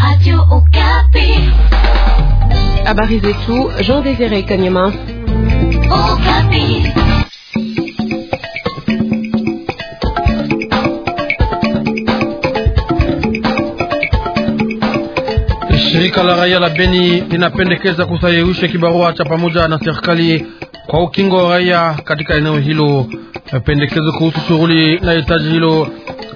Radio Okapi. Habari zetu, Jean Désiré Kanyama. Okapi. Shirika la raia la Beni linapendekeza kusahihisha kibarua cha pamoja na serikali kwa ukingo wa raia katika eneo hilo. Eh, pendekezo kuhusu shughuli na hitaji hilo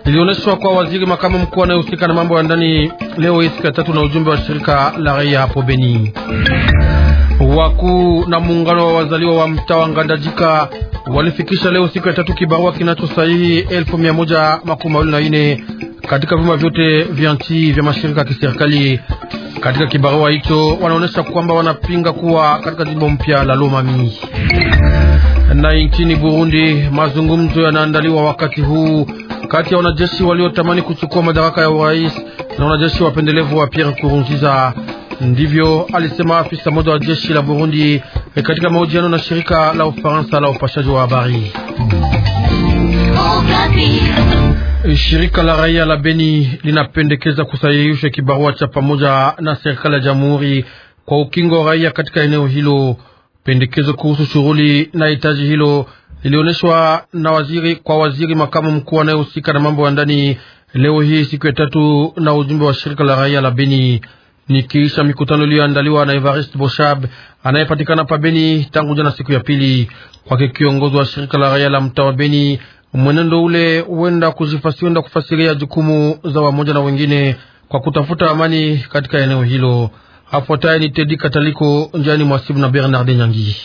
lilionyeshwa kwa waziri makamu mkuu anayehusika na mambo ya ndani leo hii siku ya tatu na ujumbe wa shirika la raia hapo Beni. Wakuu na muungano wa wazaliwa wa mtaa wa Ngandajika walifikisha leo siku ya tatu kibarua kinacho sahihi elfu mia moja makumi mawili na nne katika vyumba vyote vya nchi vya mashirika ya kiserikali katika kibarua hicho wanaonyesha kwamba wanapinga kuwa katika jimbo mpya la Lomami. Na nchini Burundi, mazungumzo yanaandaliwa wakati huu kati ya wanajeshi waliotamani kuchukua madaraka ya urais na wanajeshi wapendelevu wa Pierre Nkurunziza. Ndivyo alisema afisa mmoja wa jeshi la Burundi eh, katika mahojiano na shirika la Ufaransa la upashaji wa habari. Oh, Shirika la raia la Beni linapendekeza kusahihishwa kibarua cha pamoja na serikali ya jamhuri kwa ukingo wa raia katika eneo hilo. Pendekezo kuhusu shughuli na hitaji hilo lilionyeshwa na waziri kwa waziri makamu mkuu anayehusika na mambo ya ndani leo hii siku ya tatu na ujumbe wa shirika la raia la Beni nikiisha mikutano iliyoandaliwa na Evarist Boshab anayepatikana pa Beni tangu jana siku ya pili. Kwake kiongozi wa shirika la raia la mtaa wa Beni Mwenendo ule huenda kuzifasienda kufasiria jukumu za wamoja na wengine kwa kutafuta amani katika eneo hilo. Afuataye ni Tedi Kataliko njani mwasibu na Bernard Nyangi.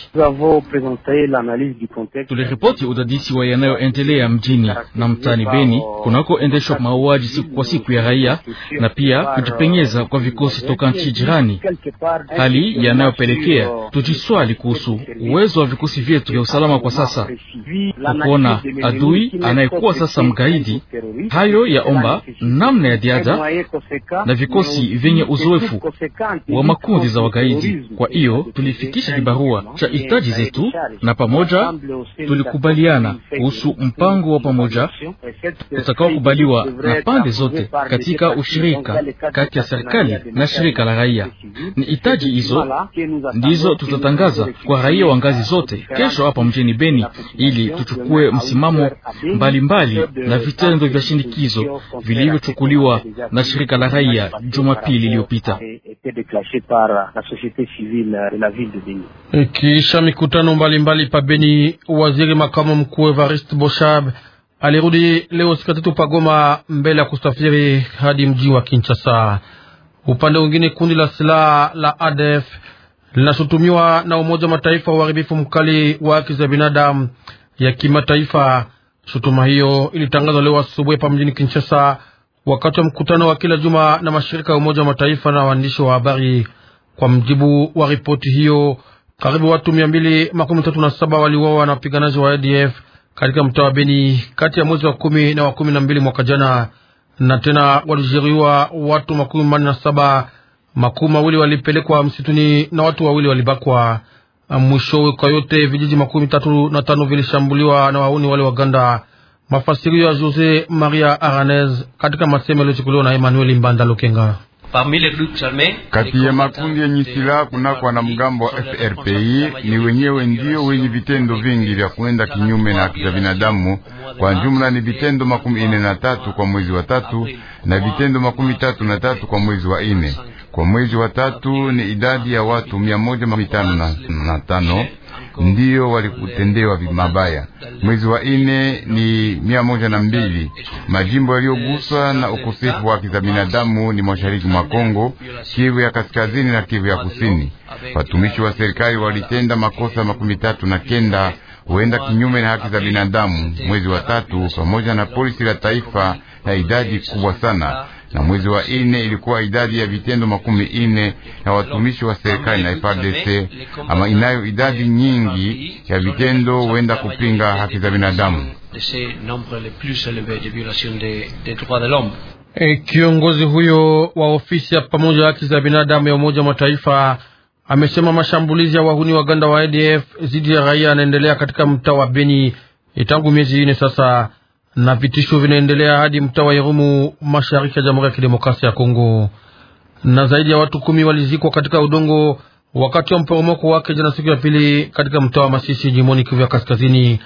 Tuliripoti udadisi wa yanayoendelea mjini na mtani Beni endeshwa mauaji siku kwa siku ya raia na pia kujipenyeza kwa vikosi toka nchi jirani, hali yanayopelekea tujiswali kuhusu uwezo wa vikosi vyetu vya usalama kwa sasa, kwa kuona adui anayekuwa sasa mgaidi. Hayo yaomba namna ya diada na vikosi vyenye uzoefu wa makundi za wagaidi. Kwa hiyo tulifikisha kibarua cha hitaji zetu na pamoja tulikubaliana kuhusu mpango wa pamoja utakaokubaliwa na pande zote katika ushirika kati ya serikali na shirika la raia. Ni hitaji hizo ndizo tutatangaza kwa raia wa ngazi zote kesho hapa mjini Beni, ili tuchukue msimamo mbalimbali mbali na vitendo vya shinikizo vilivyochukuliwa na shirika la raia Jumapili iliyopita engagé par la société civile de la ville de Beni. E mikutano mbalimbali pa Beni, waziri makamu mkuu Evariste Boshab alirudi leo siku tatu pagoma mbele ya kusafiri hadi mji wa Kinshasa. Upande mwingine, kundi la silaha la ADF linashutumiwa na Umoja wa Mataifa uharibifu mkali wa haki za binadamu ya kimataifa. Shutuma hiyo ilitangazwa leo asubuhi hapa mjini Kinshasa wakati wa mkutano wa kila juma na mashirika ya Umoja wa Mataifa na waandishi wa habari. Kwa mjibu wa ripoti hiyo, karibu watu mia mbili makumi tatu na saba waliuawa na wapiganaji wa ADF katika mtaa wa Beni kati ya mwezi wa kumi na wa kumi na mbili mwaka jana, na tena walijeruhiwa watu makumi manne na saba makumi mawili walipelekwa msituni na watu wawili walibakwa. Mwishowe, kwa yote vijiji makumi tatu na tano vilishambuliwa na wauni wale Waganda Mafasirio ya Jose Maria Aranez katika masemo yaliyochukuliwa na Emmanuel Mbanda Lukenga. Kati ya makundi yenye silaha na mgambo wa FRPI ni wenyewe ndio wenye vitendo vingi vya kuenda kinyume na haki za binadamu. Kwa jumla ni vitendo makumi ine na tatu kwa mwezi wa tatu na vitendo makumi tatu na tatu kwa mwezi wa ine. Kwa mwezi wa tatu ni idadi ya watu mia moja makumi tano na tano ndiyo walikutendewa mabaya. Mwezi wa ine ni mia moja na mbili majimbo yaliyoguswa na ukosefu wa haki za binadamu ni mashariki mwa Kongo, Kivu ya kaskazini na Kivu ya kusini. Watumishi wa serikali walitenda makosa makumi tatu na kenda huenda kinyume na haki za binadamu mwezi wa tatu, pamoja na polisi la taifa na idadi kubwa sana na mwezi wa ine ilikuwa idadi ya vitendo makumi ine na watumishi wa serikali na FARDC, ama inayo idadi nyingi ya vitendo wenda kupinga haki za binadamu. E, kiongozi huyo wa ofisi ya pamoja haki za binadamu ya Umoja wa Mataifa amesema mashambulizi ya wahuni waganda wa ADF dhidi ya raia yanaendelea katika mtaa wa Beni e, tangu miezi ine sasa na vitisho vinaendelea hadi mtaa wa Irumu mashariki ya Jamhuri ya Kidemokrasia ya Kongo, na zaidi ya watu kumi walizikwa katika udongo wakati wa mporomoko wake jana siku ya pili katika mtaa wa Masisi jimoni Kivu ya Kaskazini.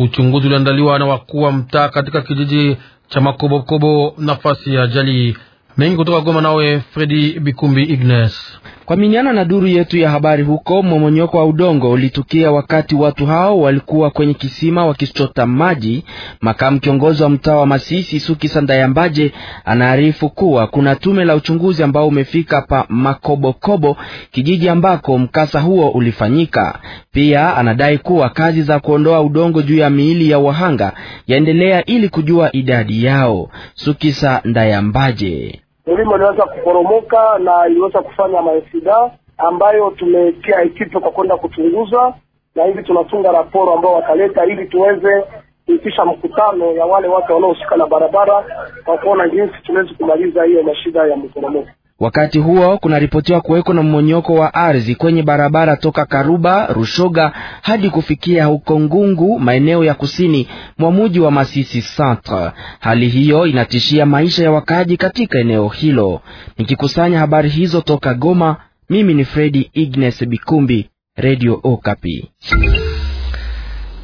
Uchunguzi uliandaliwa na wakuu wa mtaa katika kijiji cha Makobokobo. Nafasi ya ajali mengi kutoka Goma, nawe Fredi Bikumbi Ignes. Kuaminiana na duru yetu ya habari huko, momonyoko wa udongo ulitukia wakati watu hao walikuwa kwenye kisima wakichota maji. Makamu kiongozi wa mtaa wa Masisi Suki Sandayambaje anaarifu kuwa kuna tume la uchunguzi ambao umefika pa Makobokobo, kijiji ambako mkasa huo ulifanyika. Pia anadai kuwa kazi za kuondoa udongo juu ya miili ya wahanga yaendelea ili kujua idadi yao. Sukisa Ndayambaje mlima uliweza kuporomoka na iliweza kufanya maesida ambayo tumetia ekipe kwa kwenda kuchunguza, na hivi tunatunga raporo ambao wataleta ili tuweze kuitisha mkutano ya wale watu wanaohusika na barabara kwa kuona jinsi tunaweza kumaliza hiyo mashida ya mporomoko. Wakati huo kunaripotiwa kuweko na mmonyoko wa ardhi kwenye barabara toka Karuba Rushoga hadi kufikia huko Ngungu, maeneo ya kusini mwa muji wa Masisi Centre. Hali hiyo inatishia maisha ya wakaaji katika eneo hilo. Nikikusanya habari hizo toka Goma, mimi ni Fredi ignes Bikumbi, Radio Okapi.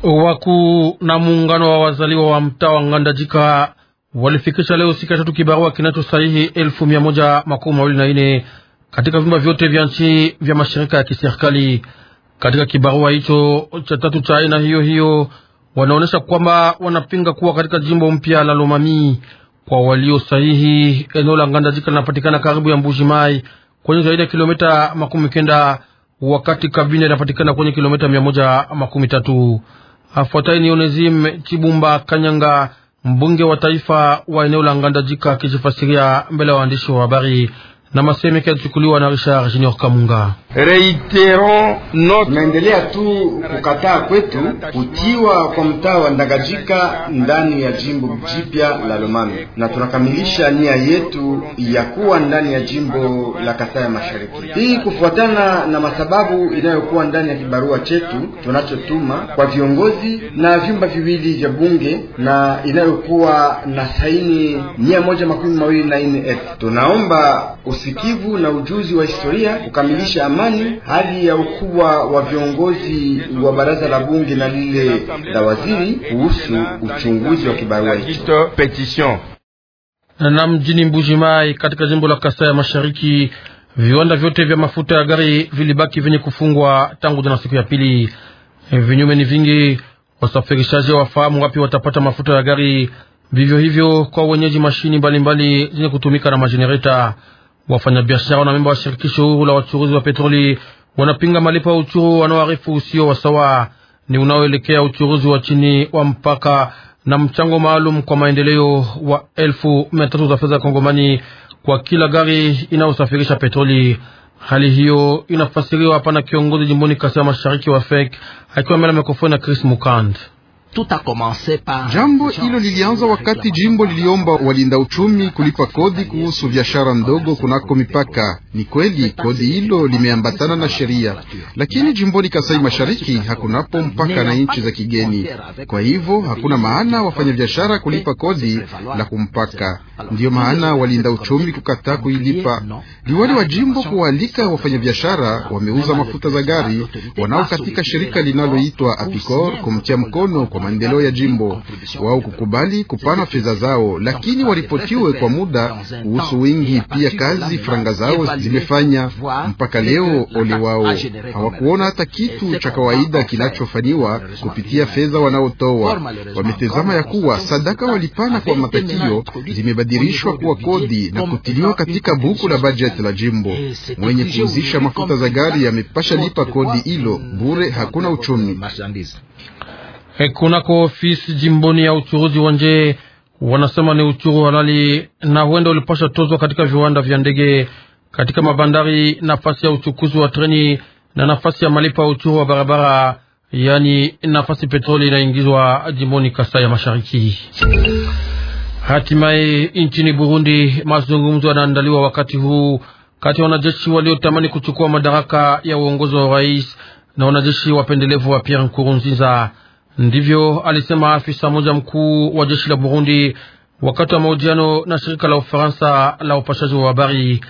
Wakuu na muungano wa wazaliwa wa mtaa wa Ngandajika walifikisha leo siku ya tatu kibarua kinachosahihi elfu mia moja makumi mawili na nne katika vyumba vyote vya nchi vya mashirika ya kiserikali. Katika kibarua hicho cha tatu cha aina hiyo hiyo, wanaonyesha kwamba wanapinga kuwa katika jimbo mpya la Lomami kwa walio sahihi, eneo la Ngandazika linapatikana karibu ya Mbuji Mai kwenye zaidi ya kilomita makumi kenda wakati Kabine inapatikana kwenye kilomita mia moja makumi tatu. Afuatai ni Onezim Chibumba Kanyanga Mbunge wa taifa wa eneo la Ngandajika akijifasiria mbele ya waandishi wa habari na masemeke yalichukuliwa na Richard Junior Kamunga. Reiteron not tu kukataa kwetu kutiwa kwa mtaa wa Ndagajika ndani ya jimbo jipya la Lomami, na tunakamilisha nia yetu ya kuwa ndani ya jimbo la Kasai ya Mashariki, hii kufuatana na masababu inayokuwa ndani ya kibarua chetu tunachotuma kwa viongozi na vyumba viwili vya bunge na inayokuwa na saini mia moja makumi mawili na nne elfu tunaomba usikivu na ujuzi wa historia kukamilisha amani, hali ya ukubwa wa viongozi wa baraza la bunge na lile la waziri kuhusu uchunguzi wa kibarua hicho na mjini Mbujimai katika jimbo la Kasai ya Mashariki, viwanda vyote vya mafuta ya gari vilibaki vyenye kufungwa tangu jana siku ya pili. E, vinyume ni vingi, wasafirishaji wafahamu wapi watapata mafuta ya gari, vivyo hivyo kwa wenyeji mashini mbalimbali zenye kutumika na majenereta. Wafanyabiashara na memba wa shirikisho huru la wachuruzi wa petroli wanapinga malipo ya uchuru wanaoarifu usio wa sawa ni unaoelekea uchuruzi wa chini wa mpaka na mchango maalum kwa maendeleo wa elfu mia tatu za fedha kongomani kwa kila gari inayosafirisha petroli. Hali hiyo inafasiriwa hapa na kiongozi jimboni Kasai ya Mashariki wa fek akiwa mbele ya mikrofoni na Chris Mukand. Jambo hilo lilianza wakati jimbo liliomba walinda uchumi kulipa kodi kuhusu biashara ndogo kunako mipaka. Ni kweli kodi hilo limeambatana na sheria, lakini jimboni Kasai Mashariki hakunapo mpaka na nchi za kigeni. Kwa hivyo hakuna maana wafanyabiashara kulipa kodi la kumpaka. Ndiyo maana walinda uchumi kukataa kuilipa. Liwali wa jimbo kuwaalika wafanyabiashara wameuza mafuta za gari wanao katika shirika linaloitwa Apicor kumtia mkono kwa maendeleo ya jimbo. Wao kukubali kupana fedha zao, lakini waripotiwe kwa muda kuhusu wingi pia kazi franga zao zimefanya mpaka leo. Ole wao, hawakuona hata kitu cha kawaida kinachofanyiwa kupitia fedha wanaotoa. Wametazama ya kuwa sadaka walipana kwa matatio zimebadilishwa kuwa kodi na kutiliwa katika buku la bajeti la jimbo. Mwenye kuuzisha mafuta za gari yamepasha lipa kodi hilo bure, hakuna uchumi. Eh, kunako ofisi jimboni ya uchuruzi wa nje wanasema ni uchuru halali na huenda ulipasha tozwa katika viwanda vya ndege, katika mabandari, nafasi ya uchukuzi wa treni na nafasi ya malipo ya uchuru wa barabara, yani nafasi petroli inaingizwa jimboni Kasai ya Mashariki. Hatimaye nchini Burundi, mazungumzo yanaandaliwa wakati huu kati ya wanajeshi waliotamani kuchukua madaraka ya uongozi wa rais na wanajeshi wapendelevu wa Pierre Nkurunziza. Ndivyo alisema afisa mmoja mkuu wa jeshi la Burundi wakati wa mahojiano na shirika la Ufaransa la upashaji wa habari.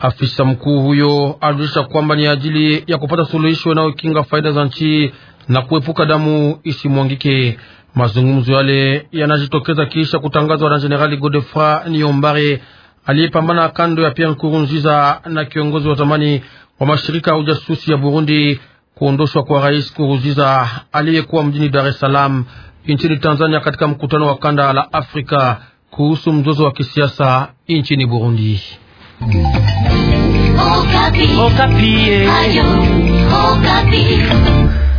Afisa mkuu huyo alijulisha kwamba ni ajili ya kupata suluhisho inayokinga faida za nchi na kuepuka damu isimwangike. Mazungumzo yale yanajitokeza kisha kutangazwa na Jenerali Godefroid Niombare aliyepambana kando ya Pierre Nkurunziza na kiongozi wa zamani wa mashirika ya ujasusi ya Burundi kuondoshwa kwa Rais Kuruziza aliyekuwa mjini Dar es Salaam nchini Tanzania katika mkutano wa kanda la Afrika kuhusu mzozo wa kisiasa nchini Burundi. Okapi. Oh, Okapi. Oh, eh. Ayo, Okapi. Oh,